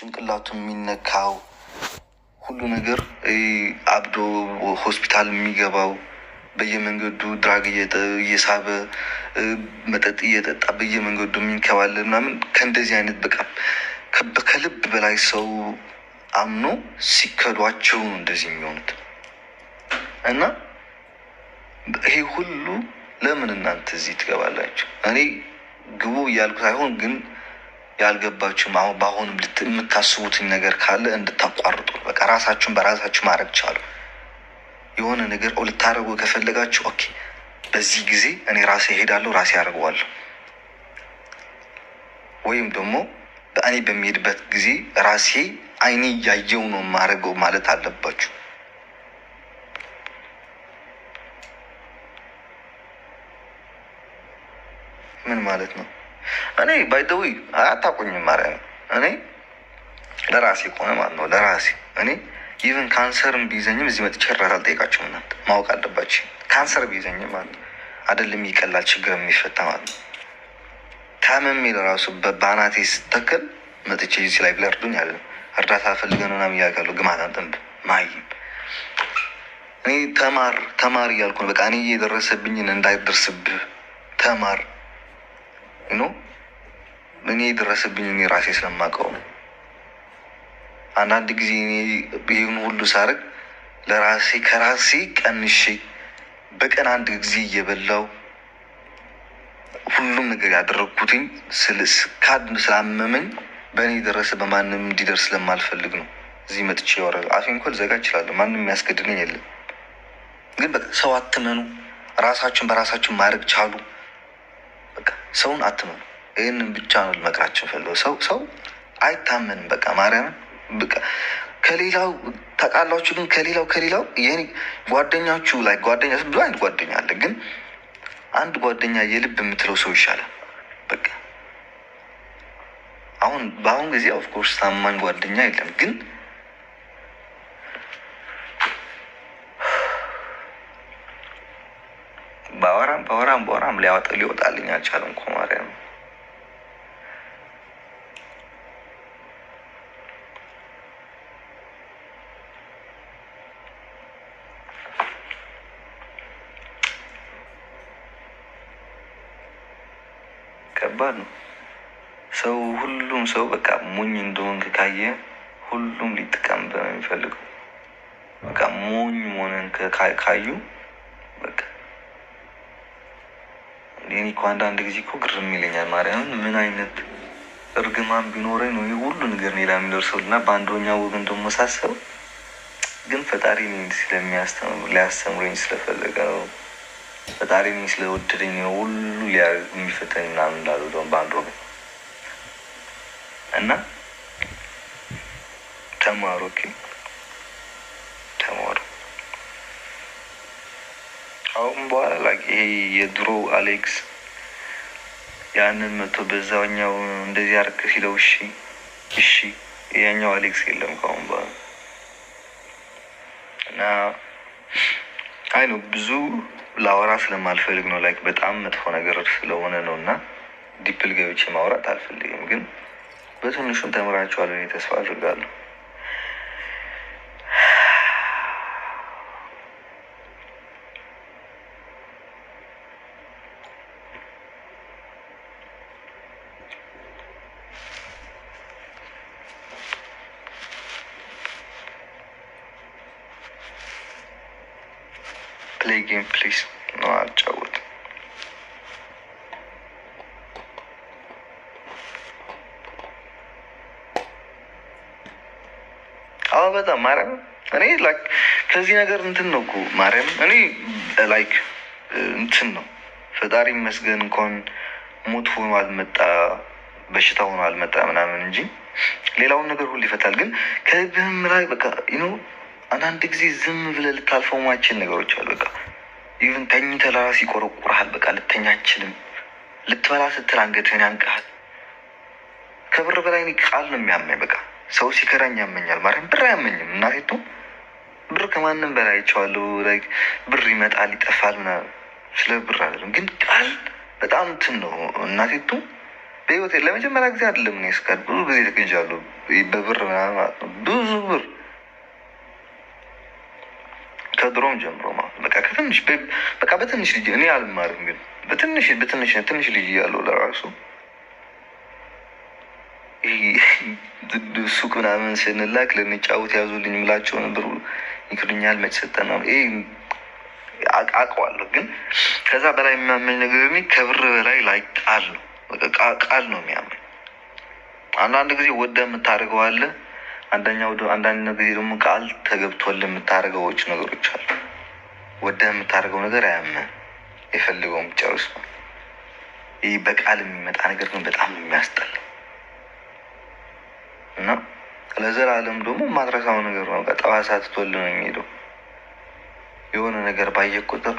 ጭንቅላቱ የሚነካው ሁሉ ነገር አብዶ ሆስፒታል የሚገባው በየመንገዱ ድራግ እየሳበ መጠጥ እየጠጣ በየመንገዱ የሚንከባለ ምናምን ከእንደዚህ አይነት በቃ ከልብ በላይ ሰው አምኖ ሲከዷቸው ነው እንደዚህ የሚሆኑት። እና ይሄ ሁሉ ለምን እናንተ እዚህ ትገባላችሁ? እኔ ግቡ እያልኩ ሳይሆን ግን ያልገባችሁም አሁን በአሁኑም የምታስቡትኝ ነገር ካለ እንድታቋርጡ በቃ ራሳችሁን በራሳችሁ ማድረግ ቻሉ። የሆነ ነገር ልታደረጉ ከፈለጋችሁ ኦኬ፣ በዚህ ጊዜ እኔ ራሴ እሄዳለሁ፣ ራሴ ያደርገዋለሁ። ወይም ደግሞ በእኔ በሚሄድበት ጊዜ ራሴ አይኔ እያየው ነው ማድረገው ማለት አለባችሁ። ምን ማለት ነው? እኔ ባይደዊ አታቁኝም ማለት ነው። እኔ ለራሴ ከሆነ ማለት ነው ለራሴ እኔ ኢቨን ካንሰርም ቢይዘኝም እዚህ መጥቼ እርዳታ አልጠይቃችሁም። እናንተ ማወቅ አለባችሁ። ካንሰር ቢይዘኝም ማለት ነው አይደለም ይቀላል ችግር የሚፈታ ማለት ነው። ታመሜ ለራሱ በባናቴ ስተክል መጥቼ እዚህ ላይ ብለርዱኝ አለ እርዳታ ፈልገን ምናምን እያልካለሁ ግማት አንጥንብ ማይም እኔ ተማር ተማር እያልኩ ነው። በቃ እኔ እየደረሰብኝን እንዳይደርስብህ ተማር ነው። እኔ የደረሰብኝ እኔ ራሴ ስለማውቀው ነው። አንዳንድ ጊዜ እኔ ይህን ሁሉ ሳርግ ለራሴ ከራሴ ቀንሼ በቀን አንድ ጊዜ እየበላው ሁሉም ነገር ያደረግኩትኝ ካድ ስላመመኝ በእኔ ደረሰ በማንም እንዲደርስ ስለማልፈልግ ነው። እዚህ መጥቼ ወረ አፌን ኮል ዘጋ ይችላለ ማንም የሚያስገድደኝ የለም። ግን በቃ ሰው አትመኑ። ራሳችሁን በራሳችሁ ማድረግ ቻሉ። በቃ ሰውን አትመኑ። ይህንን ብቻ ነው ልመክራቸው የፈለው ሰው ሰው አይታመንም። በቃ ማርያምን በቃ ከሌላው ታውቃላችሁ። ግን ከሌላው ከሌላው ይህን ጓደኛችሁ ላይ ጓደኛ ብዙ አይነት ጓደኛ አለ። ግን አንድ ጓደኛ የልብ የምትለው ሰው ይሻላል። በቃ አሁን በአሁን ጊዜ ኦፍኮርስ ታማኝ ጓደኛ የለም። ግን ባወራም ባወራም ባወራም ሊያወጣ ሊወጣልኝ አልቻለም እኮ ማርያምን ከባድ ነው። ሰው ሁሉም ሰው በቃ ሞኝ እንደሆንክ ካየ ሁሉም ሊጠቀምበት ነው በቃ ሞኝ መሆንን ካዩ በቃ እኔ እኮ አንዳንድ ጊዜ እኮ ግርም ይለኛል። ማርያምን ምን አይነት እርግማን ቢኖረኝ ነው ይህ ሁሉ ነገር ሌላ የሚደርሰው እና በአንደኛው ወገን ደግሞ ሳሰብ ግን ፈጣሪ ስለሚያስተምር ሊያስተምረኝ ስለፈለገ ነው። ፈጣሪ ስለወደደኝ ሁሉ የሚፈተኝ ምናምን እንዳሉ ደሁም በአንድ ወገን እና ተማሩ ኦኬ ተማሩ። አሁን በኋላ ላይ ይሄ የድሮ አሌክስ ያንን መቶ በዛኛው እንደዚህ አርክ ሲለው እሺ እሺ ያኛው አሌክስ የለም ከአሁን በኋላ እና አይ ነው ብዙ ላወራ ስለማልፈልግ ነው። ላይክ በጣም መጥፎ ነገር ስለሆነ ነው እና ዲፕል ገብቼ ማውራት አልፈልግም። ግን በትንሹም ተምራቸዋለን ተስፋ አድርጋለሁ። ጌም ፕሊስ ነው አጫወት አዎ በጣም ማርያም፣ እኔ ላይክ ከዚህ ነገር እንትን ነው እኮ ማርያም፣ እኔ ላይክ እንትን ነው ፈጣሪ መስገን እንኳን ሞት ሆኖ አልመጣ በሽታ ሆኖ አልመጣ ምናምን እንጂ ሌላውን ነገር ሁሉ ይፈታል። ግን ከህግህም ላይ በቃ ዩ አንዳንድ ጊዜ ዝም ብለህ ልታልፈው ማችን ነገሮች አሉ በቃ ይሁን ተኝተህ ለራስ ይቆረቁረሃል። በቃ ልተኛ አችልም። ልትበላ ስትል አንገትህን ያንቀሃል። ከብር በላይ ቃል ነው የሚያመኝ። በቃ ሰው ሲከራኝ ያመኛል። ማርያም ብር አያመኝም። እናቴቱ ብር ከማንም በላይ አይቼዋለሁ። ብር ይመጣል ይጠፋል ምናምን። ስለ ብር አይደለም ግን ቃል በጣም እንትን ነው። እናቴቱ በህይወቴ ለመጀመሪያ ጊዜ አይደለም እኔ ስቃል ብዙ ጊዜ ተገኝቻለሁ። በብር ምናምን ማለት ነው ብዙ ብር ከድሮም ጀምሮ ማለት በቃ ከትንሽ በቃ በትንሽ ልጅ እኔ አልማርም፣ ግን በትንሽ በትንሽ ትንሽ ልጅ እያለሁ ለራሱ ሱቅ ምናምን ስንላክ ልንጫወት ያዙልኝ ምላቸው ብሩ ይክዱኛል። መች ሰጠና አውቀዋለሁ፣ ግን ከዛ በላይ የሚያመኝ ነገር እኔ ከብር በላይ ላይ ቃል ነው ቃል ነው የሚያመኝ። አንዳንድ ጊዜ ወደ የምታደርገው አለ አንዳኛ አንዳንድ ጊዜ ደግሞ ቃል ተገብቶል የምታደርገዎች ነገሮች አሉ። ወደ የምታደርገው ነገር አያምን የፈልገውም ጨርስ ነው። ይህ በቃል የሚመጣ ነገር ግን በጣም የሚያስጠላ እና ለዘላለም ደግሞ ማድረሳው ነገር ነው። ጠባሳ ትቶል ነው የሚሄደው። የሆነ ነገር ባየ ቁጥር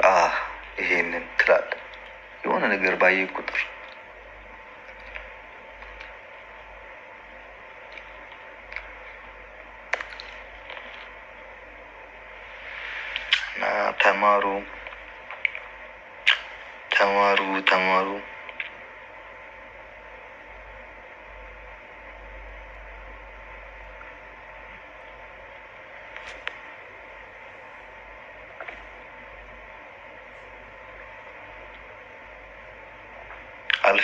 ይሄንን ትላለ። የሆነ ነገር ባየ ቁጥር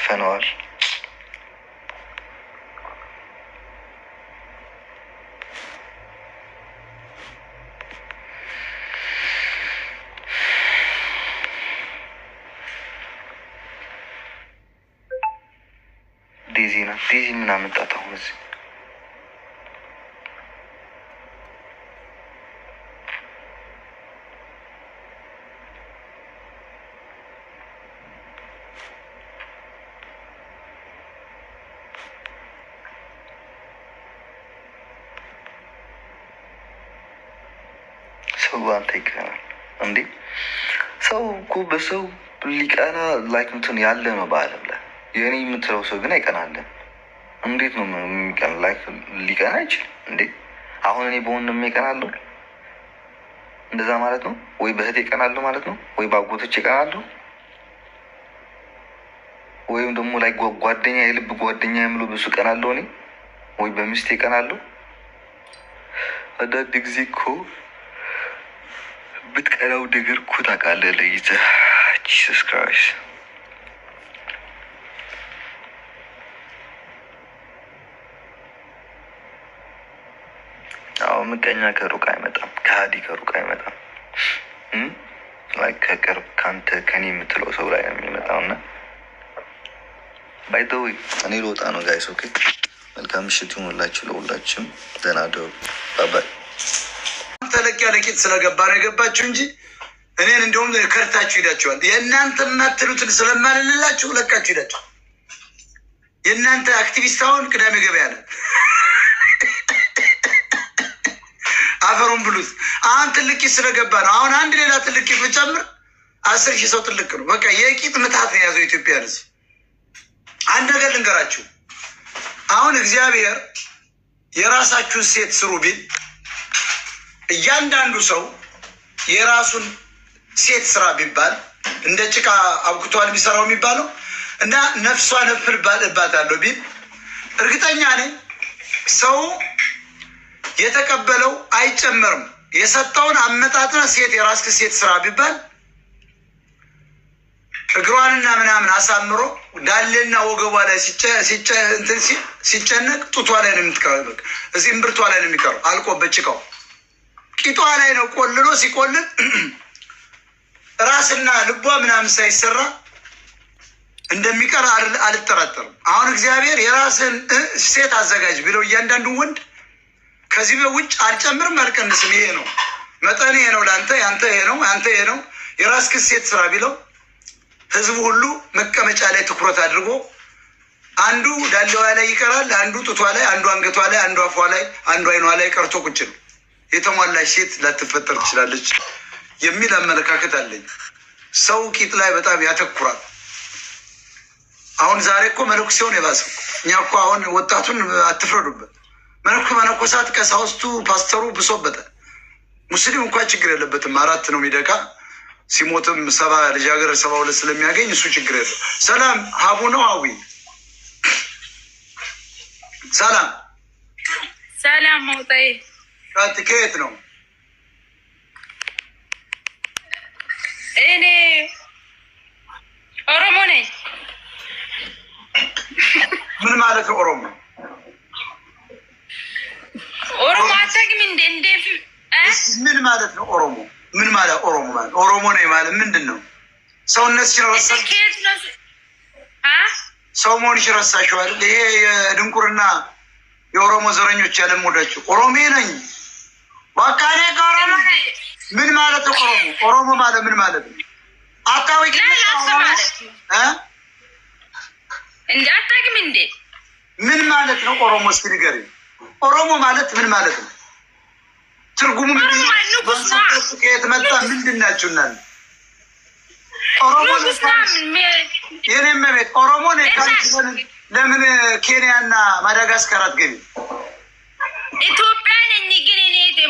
አሳልፈነዋል። ዴዚ ናት። ዴዚ ምን አመጣት አሁን እዚህ? መጠየቅ ይሆናል እንዴ? ሰው እኮ በሰው ሊቀና ላይክ እንትን ያለ ነው በአለም ላይ የእኔ የምትለው ሰው ግን አይቀናለን። እንዴት ነው የሚቀና? ላይክ ሊቀና አይችል እንዴ? አሁን እኔ በሆን ነው የሚቀናለሁ እንደዛ ማለት ነው ወይ በእህቴ እቀናለሁ ማለት ነው ወይ በአጎቶች እቀናለሁ ወይም ደግሞ ላይ ጓደኛ የልብ ጓደኛ የምሉ ብሱ ይቀናለሁ እኔ ወይ በሚስት እቀናለሁ። አንዳንድ ጊዜ እኮ ብትቀረው ድግር እኮ ታውቃለህ ለይተህ። ጂሰስ ክራይስት አዎ፣ ምቀኛ ከሩቅ አይመጣም፣ ከሀዲ ከሩቅ አይመጣም። ከቅርብ ከአንተ ከኔ የምትለው ሰው ላይ ነው የሚመጣው። እና ባይ ዘ ወይ እኔ ልወጣ ነው ጋይስ። ኦኬ፣ መልካም ምሽት ይሆንላችሁ ለሁላችሁም። ደህና ደሩ። ባባይ ተለቅ ያለ ቂጥ ስለገባ ነው የገባችሁ እንጂ እኔን እንደውም ከርታችሁ ሄዳችኋል። የእናንተ የማትሉትን ስለማልልላችሁ ለቃችሁ ሄዳችኋል። የእናንተ አክቲቪስት አሁን ቅዳሜ ገበያ ነው። አፈሩን ብሉት። አሁን ትልቅ ቂጥ ስለገባ ነው። አሁን አንድ ሌላ ትልቅ ቂጥ ብጨምር አስር ሺህ ሰው ትልቅ ነው። በቃ የቂጥ ምታት ነው የያዘው ኢትዮጵያ ህዝብ። አንድ ነገር ልንገራችሁ። አሁን እግዚአብሔር የራሳችሁን ሴት ስሩ ቢል እያንዳንዱ ሰው የራሱን ሴት ስራ ቢባል እንደ ጭቃ አብኩቷል የሚሰራው የሚባለው እና ነፍሷ ነፍል ባልባታለሁ ቢል እርግጠኛ ነኝ ሰው የተቀበለው አይጨመርም። የሰጠውን አመጣጥና ሴት የራስክ ሴት ስራ ቢባል እግሯንና ምናምን አሳምሮ ዳሌና ወገቧ ላይ ሲጨነቅ ጡቷ ላይ ነው የምትቀረ እዚህ እምብርቷ ላይ ነው የሚቀረው አልቆ በጭቃው ቂጧ ላይ ነው ቆልሎ ሲቆልል ራስና ልቧ ምናምን ሳይሰራ እንደሚቀር አልጠራጠርም። አሁን እግዚአብሔር የራስን ሴት አዘጋጅ ብለው እያንዳንዱ ወንድ ከዚህ በውጭ አልጨምርም አልቀንስም፣ ይሄ ነው መጠን፣ ይሄ ነው ለአንተ፣ ያንተ ይሄ ነው አንተ ይሄ ነው ክስ ሴት ስራ ቢለው ህዝቡ ሁሉ መቀመጫ ላይ ትኩረት አድርጎ አንዱ ዳሌዋ ላይ ይቀራል፣ አንዱ ጡቷ ላይ፣ አንዱ አንገቷ ላይ፣ አንዱ አፏ ላይ፣ አንዱ አይኗ ላይ ቀርቶ ቁጭ ነው። የተሟላች ሴት ላትፈጠር ትችላለች የሚል አመለካከት አለኝ። ሰው ቂጥ ላይ በጣም ያተኩራል። አሁን ዛሬ እኮ መለኩ ሲሆን የባሰ እኛ እኮ አሁን ወጣቱን አትፍረዱበት። መለኩ መነኮሳት፣ ቀሳውስቱ፣ ፓስተሩ ብሶበታል። ሙስሊም እንኳ ችግር የለበትም። አራት ነው የሚደቃ ሲሞትም ሰባ ልጃገረድ ሰባ ሁለት ስለሚያገኝ እሱ ችግር የለው። ሰላም ሀቡ ነው አዊ ሰላም ሰላም መውጣዬ ሻንቲ ከየት ነው? እኔ ኦሮሞ ነኝ። ምን ማለት ነው ኦሮሞ? ኦሮሞ አታውቅም እንዴ? እንዴ ምን ማለት ነው ኦሮሞ? ምን ማለት ኦሮሞ ማለት ኦሮሞ ነኝ ማለት ምንድን ነው? ሰውነትሽን ረሳሽ። ሰው መሆንሽን ረሳሽዋል። ይሄ የድንቁርና የኦሮሞ ዘረኞች ያለሞዳቸው ኦሮሜ ነኝ በቃ ከኦሮሞ ምን ማለት ኦሮሞ ኦሮሞ ማለት ምን ማለት ነው? አታውቂ እንደ አታውቂም እንዴ? ምን ማለት ነው ኦሮሞ? እስኪ ንገሪኝ። ኦሮሞ ማለት ምን ማለት ነው? ትርጉሙ ከየት መጣ? ምንድን ናችሁ እናንተ? ኦሮሞ የኔም ቤት ለምን ኬንያና ማዳጋስካር አትገቢ? ኢትዮጵያ ነኝ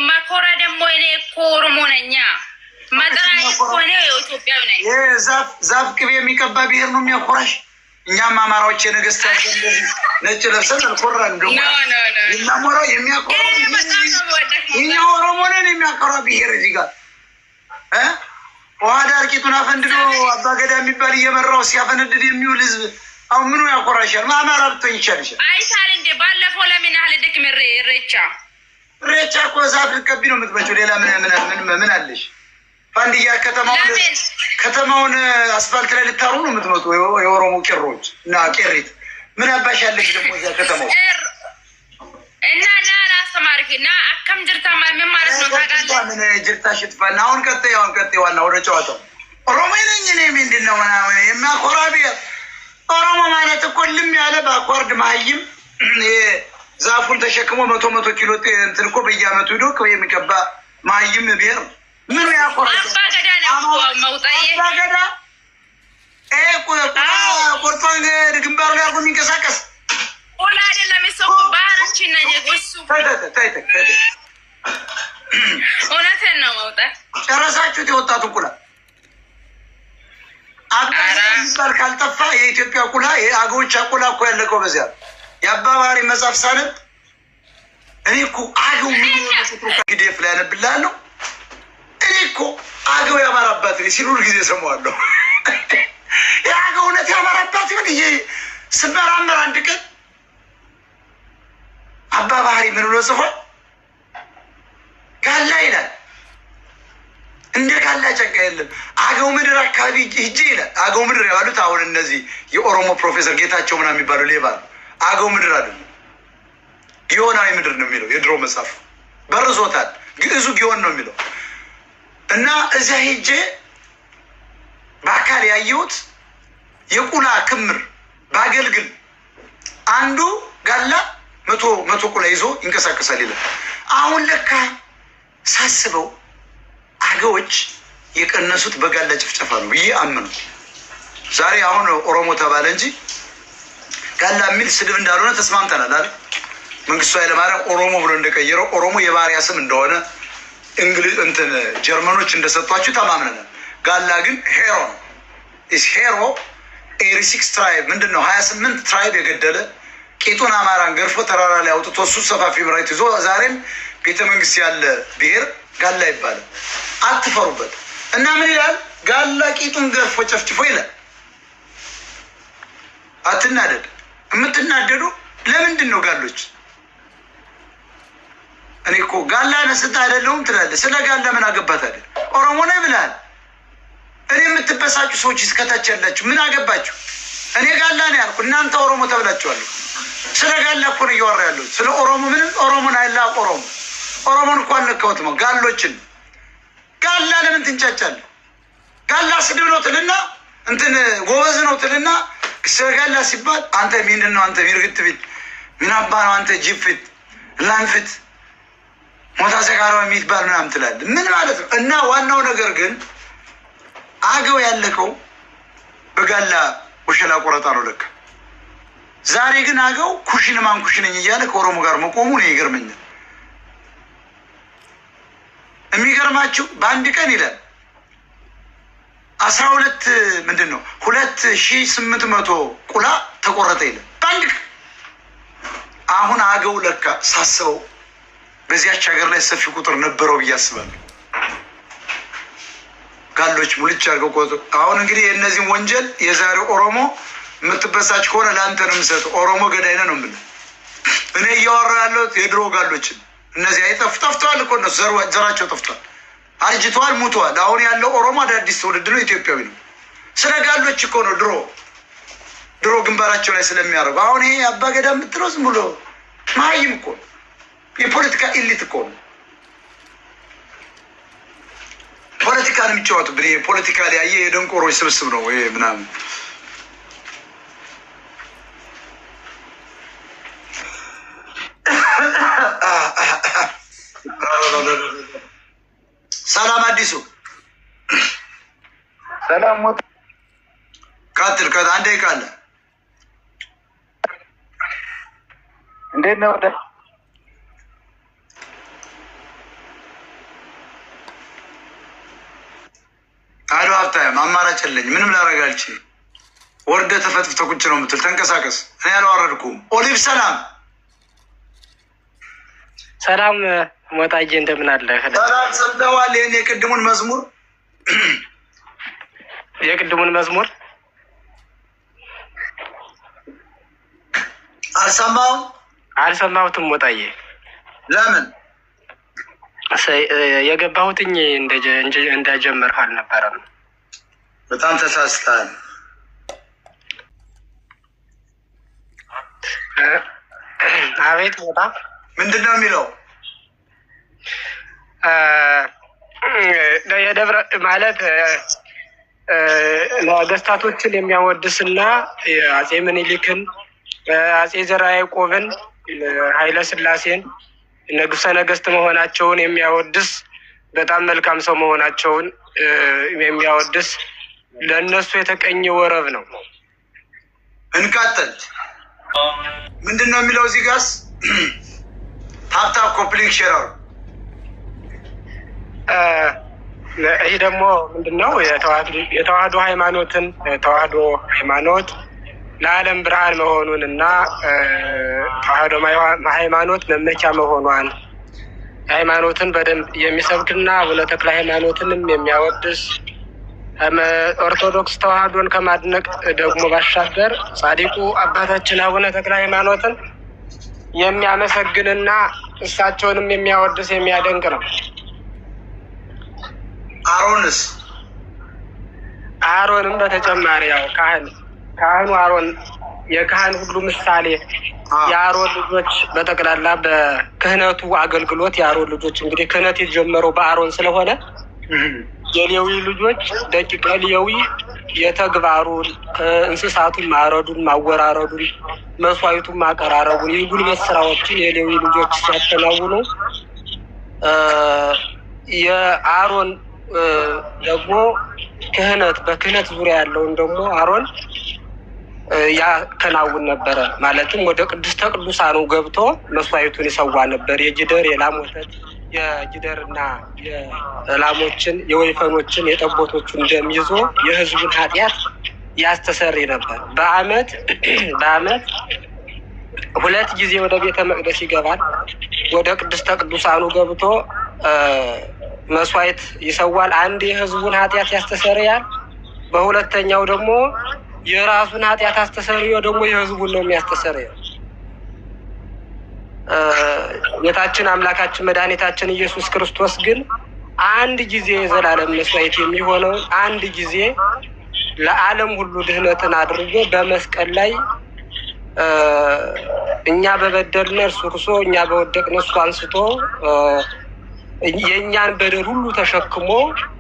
ማኮራ ደግሞ እኔ እኮ ኦሮሞ ነኛ። መጠራ እኮ እኔ ኢትዮጵያዊ ነኝ። ዛፍ ቅቤ የሚቀባ ብሄር ነው የሚያኮራሽ። እኛም አማራዎች የንግስት ነጭ ለብሰን አልኮራ ኦሮሞ ነን የሚያኮራ ብሄር እዚህ ጋር ውሃ ዳርቂቱን አፈንድዶ አባገዳ የሚባል እየመራው ሲያፈነድድ የሚውል ህዝብ አሁን ምኑ ያኮራሻል? አማራ ብትሆኝ ይቻልሻል። አይሳል እንዴ ባለፈው ለምን ያህል ድክም ሬቻ ሬቻ እኮ እሳት ልትቀቢ ነው የምትመጪው። ሌላ ምን ምን አለሽ? ፋንድያ ከተማውን ከተማውን አስፋልት ላይ ልታሩ ነው የምትመጡ የኦሮሞ ቄሮች እና ቄሪት። ምን አባሽ ያለሽ ደግሞ እዚያ ከተማው እና ና አስተማሪ ና አከም ጅርታ ምን ማለት ነው ታውቃለህ? ምን ጅርታ ሽትፋና አሁን ቀጥ አሁን ቀጥ ዋና ወደ ጨዋታው ኦሮሞ ነኝ እኔ ምንድን ነው ምናምን የማኮራ ብሔር ኦሮሞ ማለት እኮ ልም ያለ በአኳርድ መሀይም ዛፉን ተሸክሞ መቶ መቶ ኪሎ እንትን እኮ በየአመቱ ሂዶ የሚቀባ ማይም ብሔር ምን ያቆረአባገዳ ላይ አርጎ የሚንቀሳቀስ እውነትን ነው። መውጣት ጨረሳችሁት። የወጣቱ ቁላ አባሚባል ካልጠፋ የኢትዮጵያ ቁላ የአገዎች ቁላ እኮ ያለቀው በዚያ ነው። የአባባሪ መጽሐፍ ሳነብ እኔ እኮ አገው ግዴፍ ላይ ያነብላለሁ። እኔ እኮ አገው የአማራ አባት ሲሉ ጊዜ ሰማዋለሁ። የአገው እውነት የአማራ አባት ምን ይሄ ስመራመር አንድ ቀን አባባሪ ምን ብሎ ጽፎ ጋላ ይላል እንደ ጋላ ጨንቃ የለም። አገው ምድር አካባቢ ሂጄ ይላል። አገው ምድር ያሉት አሁን እነዚህ የኦሮሞ ፕሮፌሰር ጌታቸው ምናምን የሚባሉ ሌባ ነው። አገው ምድር አይደለም ጊዮናዊ ምድር ነው የሚለው የድሮ መጽሐፍ በርዞታል። ግዕዙ ጊዮን ነው የሚለው እና እዚያ ሄጄ በአካል ያየሁት የቁላ ክምር በአገልግል አንዱ ጋላ መቶ መቶ ቁላ ይዞ ይንቀሳቀሳል ይላል። አሁን ለካ ሳስበው አገዎች የቀነሱት በጋላ ጭፍጨፋ ነው ብዬ አመኑ። ዛሬ አሁን ኦሮሞ ተባለ እንጂ ጋላ የሚል ስድብ እንዳልሆነ ተስማምተናል አይደል? መንግስቱ ኃይለማርያም ኦሮሞ ብሎ እንደቀየረው ኦሮሞ የባሪያ ስም እንደሆነ እንግሊዝ እንትን ጀርመኖች እንደሰጧችሁ ተማምነናል። ጋላ ግን ሄሮ ነው። ኢስ ሄሮ ኤሪሲክስ ትራይብ ምንድን ነው? ሀያ ስምንት ትራይብ የገደለ ቂጡን አማራን ገርፎ ተራራ ላይ አውጥቶ እሱ ሰፋፊ መሬት ይዞ ዛሬም ቤተ መንግስት ያለ ብሔር ጋላ ይባላል። አትፈሩበት እና ምን ይላል? ጋላ ቂጡን ገርፎ ጨፍጭፎ ይላል። አትናደድ። የምትናደዱ ለምንድን ነው ጋሎች? እኔ እኮ ጋላ ነስት አይደለሁም ትላለህ። ስለ ጋላ ምን አገባት አለ ኦሮሞ ነው ይብላል። እኔ የምትበሳጩ ሰዎች እስከታች ያላችሁ ምን አገባችሁ? እኔ ጋላ ነው ያልኩ እናንተ ኦሮሞ ተብላችኋለሁ። ስለ ጋላ እኮ ነው እያወራ ያለሁት። ስለ ኦሮሞ ምንም ኦሮሞን አይላ ኦሮሞ ኦሮሞን እኮ አልነካሁት ነው ጋሎችን ጋላ ለምን ትንጫጫለህ? ጋላ ስድብ ነው ትልና እንትን ጎበዝ ነው ትልና ስጋላ ሲባል አንተ ምንድን ነው አንተ ሚርግት ፊት ምን አባ ነው አንተ ጅብ ፊት ላንፍት ሞታ ሰካራ የሚባል ምናም ትላለህ። ምን ማለት ነው? እና ዋናው ነገር ግን አገው ያለቀው በጋላ ወሸላ ቆረጣ ነው ለካ። ዛሬ ግን አገው ኩሽን ማን ኩሽንኝ እያለ ከኦሮሞ ጋር መቆሙ ነው ይገርመኛል። የሚገርማችሁ በአንድ ቀን ይላል አስራ ሁለት ምንድን ነው ሁለት ሺ ስምንት መቶ ቁላ ተቆረጠ የለም በአንድ አሁን አገው ለካ ሳሰው በዚያች ሀገር ላይ ሰፊ ቁጥር ነበረው ብዬ አስባለሁ። ጋሎች ሙልጭ አድርገው ቆጡ። አሁን እንግዲህ የእነዚህም ወንጀል የዛሬ ኦሮሞ የምትበሳች ከሆነ ለአንተ ነው ኦሮሞ ገዳይነ ነው ምለ እኔ እያወራ ያለሁት የድሮ ጋሎችን እነዚህ አይጠፍ ጠፍተዋል እኮ ነው ዘራቸው ጠፍቷል። አርጅቷል፣ ሙቷል። አሁን ያለው ኦሮሞ አዳዲስ ትውልድ ነው፣ ኢትዮጵያዊ ነው። ስለ ጋሎች እኮ ነው ድሮ ድሮ ግንባራቸው ላይ ስለሚያደርጉ አሁን ይሄ አባገዳ የምትለው ዝም ብሎ መሀይም እኮ ነው፣ የፖለቲካ ኢሊት እኮ ነው። ፖለቲካን ብ ፖለቲካ ያየ የደንቆሮች ስብስብ ነው ይሄ ምናምን ሰላም አዲሱ ሰላም ሞት ቀጥል ቀጥ አንዴ ቃለ እንዴት ነው? አዶ ሀብታም አማራጭ የለኝ ምንም ላረጋልች ወርደ ተፈጥፍ ቁጭ ነው የምትል ተንቀሳቀስ። እኔ አላዋረድኩም። ኦሊቭ ሰላም ሰላም ሞጣዬ፣ እንደምን አለህ? ሰላም ሰምተዋል? ይህን የቅድሙን መዝሙር የቅድሙን መዝሙር አልሰማሁም አልሰማሁትም ሞጣዬ። ለምን የገባሁትኝ እንደጀመርህ አልነበረም። በጣም ተሳስተሃል። አቤት ሞጣ ምንድን ነው የሚለው? የደብረ ማለት ነገስታቶችን የሚያወድስና አጼ ምኒልክን አጼ ዘርዓ ያዕቆብን ኃይለ ስላሴን ነግሰ ነገስት መሆናቸውን የሚያወድስ በጣም መልካም ሰው መሆናቸውን የሚያወድስ ለእነሱ የተቀኘ ወረብ ነው። እንቀጥል። ምንድን ነው የሚለው እዚህ ጋስ ሀብታም ኮምፕሊት ሼር አሉ። ይህ ደግሞ ምንድን ነው? የተዋህዶ ሃይማኖትን ተዋህዶ ሃይማኖት ለዓለም ብርሃን መሆኑን እና ተዋህዶ ሃይማኖት መመኪያ መሆኗን ሃይማኖትን በደንብ የሚሰብክና አቡነ ተክለ ሃይማኖትንም የሚያወድስ ኦርቶዶክስ ተዋህዶን ከማድነቅ ደግሞ ባሻገር ጻዲቁ አባታችን አቡነ ተክለ ሃይማኖትን የሚያመሰግንና እሳቸውንም የሚያወድስ የሚያደንቅ ነው። አሮንስ አሮንም በተጨማሪ ያው ካህን ካህኑ አሮን የካህን ሁሉ ምሳሌ የአሮን ልጆች በጠቅላላ በክህነቱ አገልግሎት የአሮን ልጆች እንግዲህ ክህነት የጀመረው በአሮን ስለሆነ የሌዊ ልጆች ደቂቀ ሌዊ የተግባሩን እንስሳቱን ማረዱን፣ ማወራረዱን፣ መስዋዕቱን ማቀራረቡን የጉልበት ስራዎችን የሌዊ ልጆች ሲያከናውኑ የአሮን ደግሞ ክህነት በክህነት ዙሪያ ያለውን ደግሞ አሮን ያከናውን ነበረ። ማለትም ወደ ቅድስተ ቅዱሳኑ ገብቶ መስዋዕቱን ይሰዋ ነበር። የጊደር የላም ወተት የጊደርና የላሞችን የወይፈኖችን የጠቦቶችን ደም ይዞ የህዝቡን ኃጢአት ያስተሰሪ ነበር። በአመት በአመት ሁለት ጊዜ ወደ ቤተ መቅደስ ይገባል። ወደ ቅድስተ ቅዱሳኑ ገብቶ መስዋዕት ይሰዋል። አንድ የህዝቡን ኃጢአት ያስተሰርያል። በሁለተኛው ደግሞ የራሱን ኃጢአት አስተሰርዮ ደግሞ የህዝቡን ነው የሚያስተሰርየው። ጌታችን አምላካችን መድኃኒታችን ኢየሱስ ክርስቶስ ግን አንድ ጊዜ የዘላለም መስዋዕት የሚሆነውን አንድ ጊዜ ለዓለም ሁሉ ድህነትን አድርጎ በመስቀል ላይ እኛ በበደልን እርሱ እርሶ እኛ በወደቅን እሱ አንስቶ የእኛን በደል ሁሉ ተሸክሞ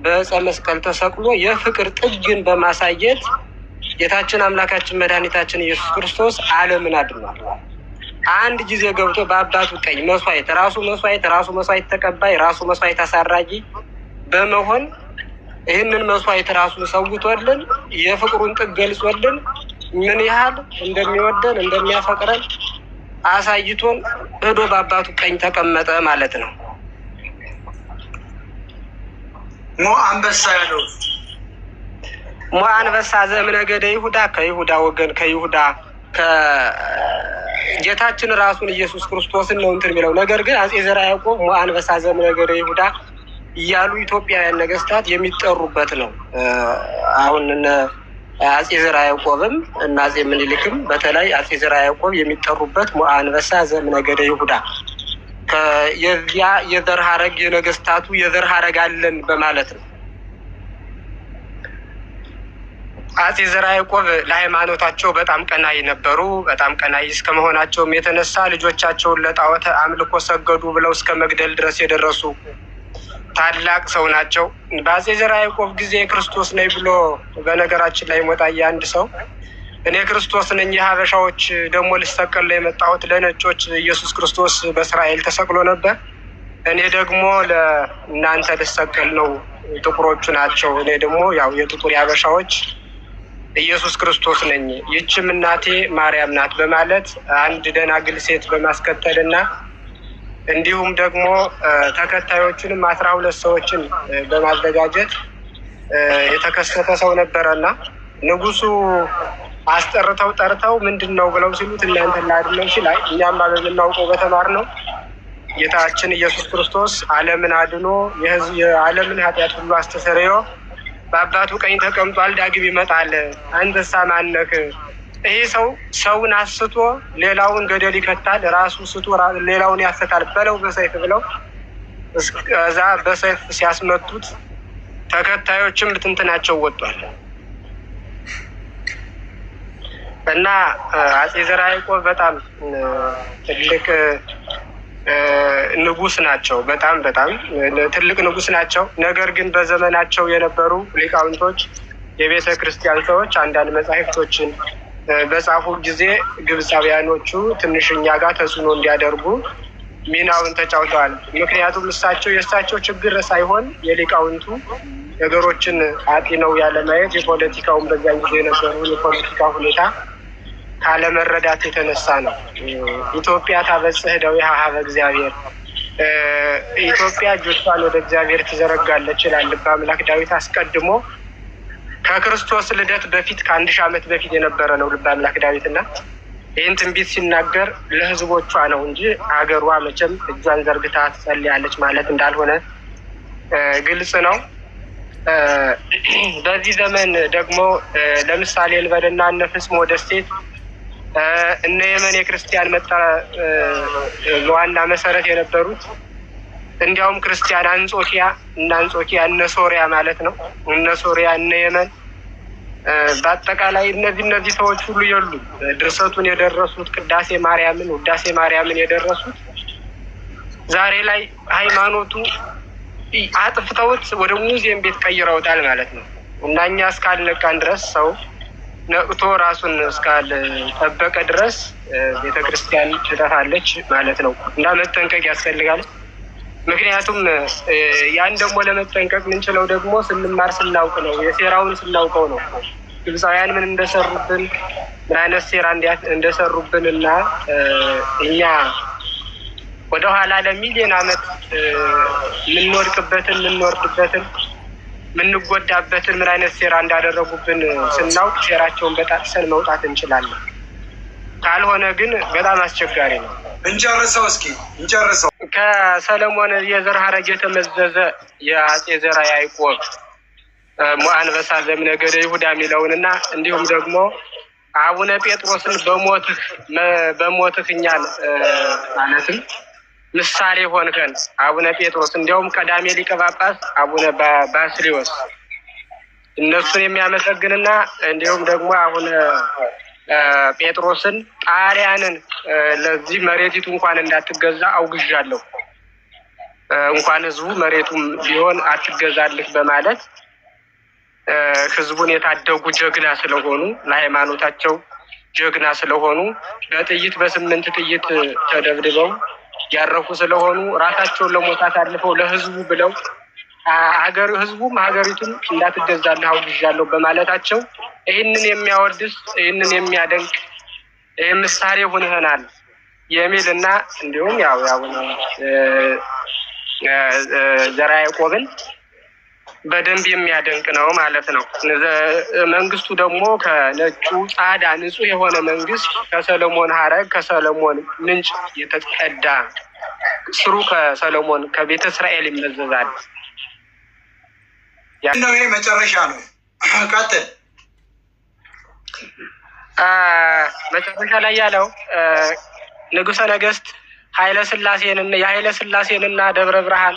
በዕፀ መስቀል ተሰቅሎ የፍቅር ጥግን በማሳየት ጌታችን አምላካችን መድኃኒታችን ኢየሱስ ክርስቶስ ዓለምን አድኗል። አንድ ጊዜ ገብቶ በአባቱ ቀኝ መስዋዕት ራሱ መስዋዕት ራሱ መስዋዕት ተቀባይ ራሱ መስዋዕት አሳራጊ በመሆን ይህንን መስዋዕት ራሱ ሰውቶልን የፍቅሩን ጥግ ገልጾልን ምን ያህል እንደሚወደን እንደሚያፈቅረን አሳይቶን ሄዶ በአባቱ ቀኝ ተቀመጠ ማለት ነው። ሞ አንበሳ ያለው ሞ አንበሳ ዘምነገደ ይሁዳ ከይሁዳ ወገን ከይሁዳ ከጌታችን ራሱን ኢየሱስ ክርስቶስን ነው እንትን የሚለው ነገር ግን አጼ ዘርዓ ያዕቆብ አንበሳ ዘምነገደ ይሁዳ እያሉ ኢትዮጵያውያን ነገስታት የሚጠሩበት ነው። አሁን አጼ ዘርዓ ያዕቆብም እና አጼ ምኒልክም በተለይ አጼ ዘርዓ ያዕቆብ የሚጠሩበት አንበሳ አንበሳ ዘእምነገደ ይሁዳ የዚያ የዘር ሀረግ የነገስታቱ የዘር ሀረግ አለን በማለት ነው። አጼ ዘርዓ ያዕቆብ ለሃይማኖታቸው በጣም ቀናይ ነበሩ። በጣም ቀናይ እስከ መሆናቸውም የተነሳ ልጆቻቸውን ለጣዖት አምልኮ ሰገዱ ብለው እስከ መግደል ድረስ የደረሱ ታላቅ ሰው ናቸው። በአጼ ዘርዓ ያዕቆብ ጊዜ ክርስቶስ ነኝ ብሎ በነገራችን ላይ ሞጣ አንድ ሰው እኔ ክርስቶስ ነኝ የሀበሻዎች ደግሞ ልሰቀል የመጣሁት፣ ለነጮች ኢየሱስ ክርስቶስ በእስራኤል ተሰቅሎ ነበር፣ እኔ ደግሞ ለእናንተ ልሰቀል ነው፣ ጥቁሮቹ ናቸው፣ እኔ ደግሞ ያው የጥቁር ያበሻዎች ኢየሱስ ክርስቶስ ነኝ፣ ይችም እናቴ ማርያም ናት በማለት አንድ ደናግል ሴት በማስከተል እንዲሁም ደግሞ ተከታዮቹንም አስራ ሁለት ሰዎችን በማዘጋጀት የተከሰተ ሰው ነበረና ንጉሱ አስጠርተው ጠርተው ምንድን ነው ብለው ሲሉት እናንተ ላድነው ሲላይ እኛማ በምናውቀው በተማር ነው ጌታችን ኢየሱስ ክርስቶስ ዓለምን አድኖ የዓለምን ኃጢአት ሁሉ አስተሰርዮ በአባቱ ቀኝ ተቀምጧል፣ ዳግም ይመጣል። አንተሳ ማነክ? ይሄ ሰው ሰውን አስቶ ሌላውን ገደል ይከታል፣ ራሱ ስቶ ሌላውን ያሰታል። በለው በሰይፍ ብለው እዛ በሰይፍ ሲያስመቱት ተከታዮችም ብትንትናቸው ወጧል። እና አጼ ዘርዓ ያዕቆብ በጣም ትልቅ ንጉስ ናቸው። በጣም በጣም ትልቅ ንጉስ ናቸው። ነገር ግን በዘመናቸው የነበሩ ሊቃውንቶች፣ የቤተ ክርስቲያን ሰዎች አንዳንድ መጻሕፍቶችን በጻፉ ጊዜ ግብፃውያኖቹ ትንሽኛ ጋር ተጽዕኖ እንዲያደርጉ ሚናውን ተጫውተዋል። ምክንያቱም እሳቸው የእሳቸው ችግር ሳይሆን የሊቃውንቱ ነገሮችን አጢነው ያለማየት የፖለቲካውን በዛ ጊዜ የነበሩ የፖለቲካ ሁኔታ ካለመረዳት የተነሳ ነው። ኢትዮጵያ ታበጽህ እደዊሃ ኀበ እግዚአብሔር ኢትዮጵያ እጆቿን ወደ እግዚአብሔር ትዘረጋለች ይላል ልበ አምላክ ዳዊት። አስቀድሞ ከክርስቶስ ልደት በፊት ከአንድ ሺህ ዓመት በፊት የነበረ ነው ልበ አምላክ ዳዊት እና ይህን ትንቢት ሲናገር ለህዝቦቿ ነው እንጂ ሀገሯ መቼም እጇን ዘርግታ ትጸልያለች ማለት እንዳልሆነ ግልጽ ነው። በዚህ ዘመን ደግሞ ለምሳሌ ልበልና እነ ፍጽሞ ደሴት እነ የመን የክርስቲያን መጣ ዋና መሰረት የነበሩት እንዲያውም ክርስቲያን አንጾኪያ እና አንጾኪያ እነ ሶሪያ ማለት ነው። እነ ሶሪያ እነ የመን በአጠቃላይ እነዚህ እነዚህ ሰዎች ሁሉ የሉ ድርሰቱን የደረሱት ቅዳሴ ማርያምን ውዳሴ ማርያምን የደረሱት ዛሬ ላይ ሃይማኖቱ አጥፍተውት ወደ ሙዚየም ቤት ቀይረውታል ማለት ነው እና እኛ እስካልነቃን ድረስ ሰው ነቅቶ ራሱን እስካልጠበቀ ድረስ ቤተክርስቲያን ትጠፋለች ማለት ነው እና መጠንቀቅ ያስፈልጋል። ምክንያቱም ያን ደግሞ ለመጠንቀቅ የምንችለው ደግሞ ስንማር ስናውቅ ነው፣ የሴራውን ስናውቀው ነው። ግብፃውያን ምን እንደሰሩብን ምን አይነት ሴራ እንደሰሩብን እና እኛ ወደኋላ ለሚሊዮን ዓመት የምንወድቅበትን የምንወርድበትን የምንጎዳበትን ምን አይነት ሴራ እንዳደረጉብን ስናውቅ ሴራቸውን በጣጥሰን መውጣት እንችላለን። ካልሆነ ግን በጣም አስቸጋሪ ነው። እንጨርሰው እስኪ እንጨርሰው። ከሰለሞን የዘር ሐረግ የተመዘዘ የአጼ ዘራ ያዕቆብ አንበሳ ገደ ይሁዳ የሚለውን እና እንዲሁም ደግሞ አቡነ ጴጥሮስን በሞትህ በሞትህ እኛን ማለትም ምሳሌ ሆንከን አቡነ ጴጥሮስ እንዲያውም ቀዳሜ ሊቀ ጳጳስ አቡነ ባስልዮስ እነሱን የሚያመሰግንና እንዲሁም ደግሞ አቡነ ጴጥሮስን ጣሪያንን ለዚህ መሬቲቱ እንኳን እንዳትገዛ አውግዣለሁ፣ እንኳን ህዝቡ መሬቱም ቢሆን አትገዛልህ በማለት ህዝቡን የታደጉ ጀግና ስለሆኑ ለሃይማኖታቸው ጀግና ስለሆኑ በጥይት በስምንት ጥይት ተደብድበው ያረፉ ስለሆኑ ራሳቸውን ለሞት አሳልፈው ለህዝቡ ብለው ሀገር ህዝቡም ሀገሪቱም እንዳትገዛልህ አውግዣለሁ በማለታቸው ይህንን የሚያወድስ ይህንን የሚያደንቅ ይህ ምሳሌ ሁንህናል የሚል እና እንዲሁም ያው ያው ዘራ ያዕቆብን በደንብ የሚያደንቅ ነው ማለት ነው። መንግስቱ ደግሞ ከነጩ ጻዳ ንጹህ የሆነ መንግስት ከሰለሞን ሀረግ ከሰለሞን ምንጭ የተቀዳ ስሩ ከሰለሞን ከቤተ እስራኤል ይመዘዛል። ይሄ መጨረሻ ነው። ቀጥል። መጨረሻ ላይ ያለው ንጉሰ ነገስት ኃይለ ስላሴንና የኃይለ ስላሴንና ደብረ ብርሃን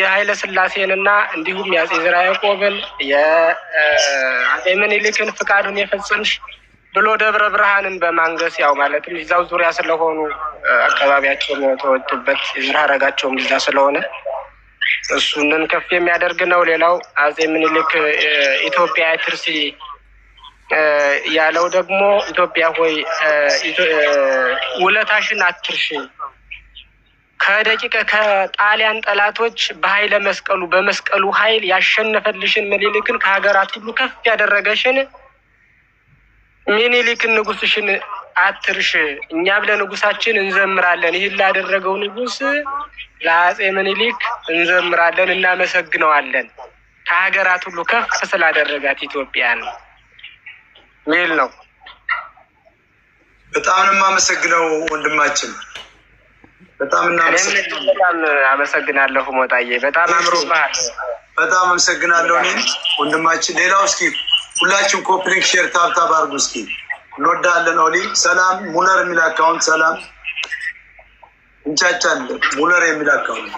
የኃይለ ሥላሴንና እንዲሁም የአጼ ዘርዓ ያዕቆብን የአጼ ምኒልክን ፍቃዱን የፈጸምሽ ብሎ ደብረ ብርሃንን በማንገስ ያው ማለትም እዛው ዙሪያ ስለሆኑ አካባቢያቸውም የተወጡበት የዘር ሐረጋቸውም እዛ ስለሆነ እሱንን ከፍ የሚያደርግ ነው። ሌላው አጼ ምኒልክ ኢትዮጵያ ትርሲ ያለው ደግሞ ኢትዮጵያ ሆይ ውለታሽን አትርሽ ከደቂቀ ከጣሊያን ጠላቶች በኃይለ መስቀሉ በመስቀሉ ኃይል ያሸነፈልሽን ምኒልክን ከሀገራት ሁሉ ከፍ ያደረገሽን ምኒልክን ንጉስሽን አትርሽ። እኛም ለንጉሳችን እንዘምራለን። ይህን ላደረገው ንጉስ ለአጼ ምኒልክ እንዘምራለን፣ እናመሰግነዋለን። ከሀገራት ሁሉ ከፍ ስላደረጋት ኢትዮጵያን ሚል ነው። በጣም ነው የማመሰግነው ወንድማችን። በጣም በጣም አመሰግናለሁ ሞጣዬ፣ በጣም አምሮ በጣም አመሰግናለሁ። እኔ ወንድማችን ሌላው እስኪ ሁላችን ኮፕሊንግ ሼር ታብታብ አድርጉ እስኪ እንወዳለን። ኦሊ ሰላም ሙለር የሚል አካውንት ሰላም እንጫጫለን ሙለር የሚል አካውንት